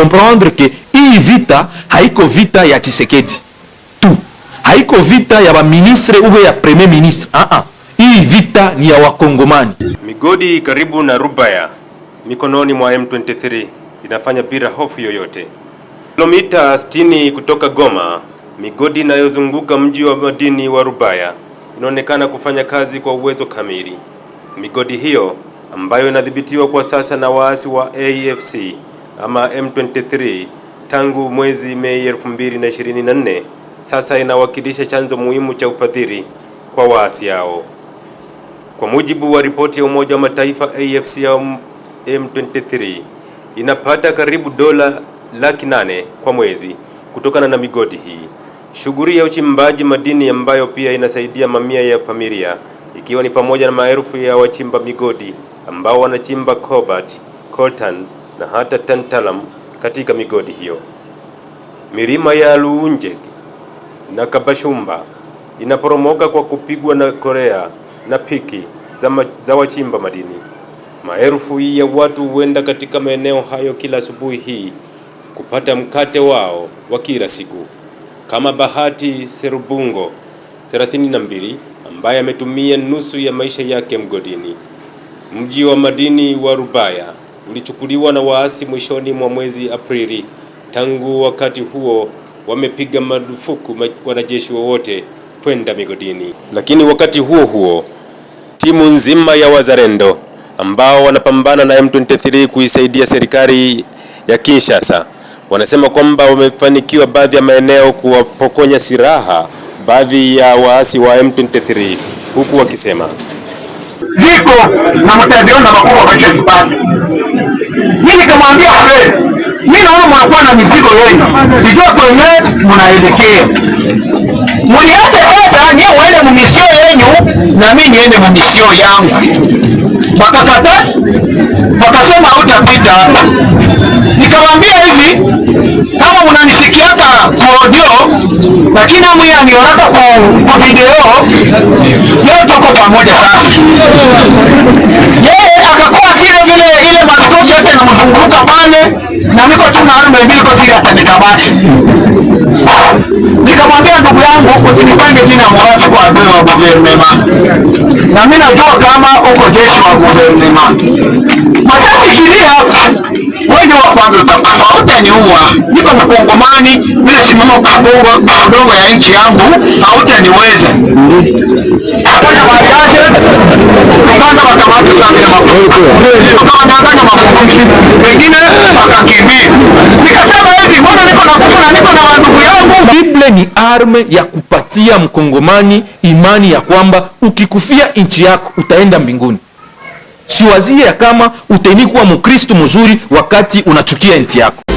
comprendre que hii vita haiko vita ya Tshisekedi tu, haiko vita ya baministre uwe ya premier ministre ah -ah. Hii vita ni ya Wakongomani. Migodi karibu na Rubaya mikononi mwa M23 inafanya bila hofu yoyote. Kilomita 60 kutoka Goma, migodi inayozunguka mji wa madini wa Rubaya inaonekana kufanya kazi kwa uwezo kamili. Migodi hiyo ambayo inadhibitiwa kwa sasa na waasi wa AFC ama M23 tangu mwezi Mei 2024 sasa inawakilisha chanzo muhimu cha ufadhili kwa waasi hao. Kwa mujibu wa ripoti ya Umoja wa Mataifa, AFC ya M23 inapata karibu dola laki nane kwa mwezi kutokana na migodi hii. Shughuli ya uchimbaji madini ambayo pia inasaidia mamia ya familia ikiwa ni pamoja na maelfu ya wachimba migodi ambao wanachimba cobalt, coltan na hata tantalam katika migodi hiyo. Milima ya Luunje na Kabashumba inaporomoka kwa kupigwa na korea na piki za, ma, za wachimba madini. Maelfu ya watu huenda katika maeneo hayo kila asubuhi hii kupata mkate wao wa kila siku, kama Bahati Serubungo 32 ambaye ametumia nusu ya maisha yake mgodini. Mji wa madini wa Rubaya ulichukuliwa na waasi mwishoni mwa mwezi Aprili. Tangu wakati huo wamepiga marufuku wanajeshi wowote kwenda migodini. Lakini wakati huo huo timu nzima ya wazalendo ambao wanapambana na M23 kuisaidia serikali ya Kinshasa wanasema kwamba wamefanikiwa baadhi ya maeneo kuwapokonya silaha baadhi ya waasi wa M23 huku wakisema ziko na mtaziona makubwa kwa mimi nikamwambia wewe, mimi naona mnakuwa na mizigo yenu, sijua kwenye mnaelekea. Mniache pesa nyie muende mumisio yenu na mimi niende mumisio yangu. Wakakata, wakasema hutapita hapa. Nikamwambia hivi, kama mnanishikiaka kwa audio lakini amu ya nioraka kwa video, leo tuko pamoja sasa tunamzunguka pale na niko tu na arme mbili kwa siri hata Nikamwambia ndugu yangu usinipange jina mwasi kwa adui wa guvernema. Na mimi najua kama uko jeshi wa guvernema. hapa wewe wa kwanza ni uwa. Niko mkongomani, mimi nasimama kwa Kongo, udongo ya nchi yangu, Kwa Hakuna wajaje. Kwanza wakamata sana. Kama nataka Bible ni arme ya kupatia mkongomani imani ya kwamba ukikufia nchi yako utaenda mbinguni. Siwazie ya kama uteni mkristu mzuri wakati unachukia nchi yako.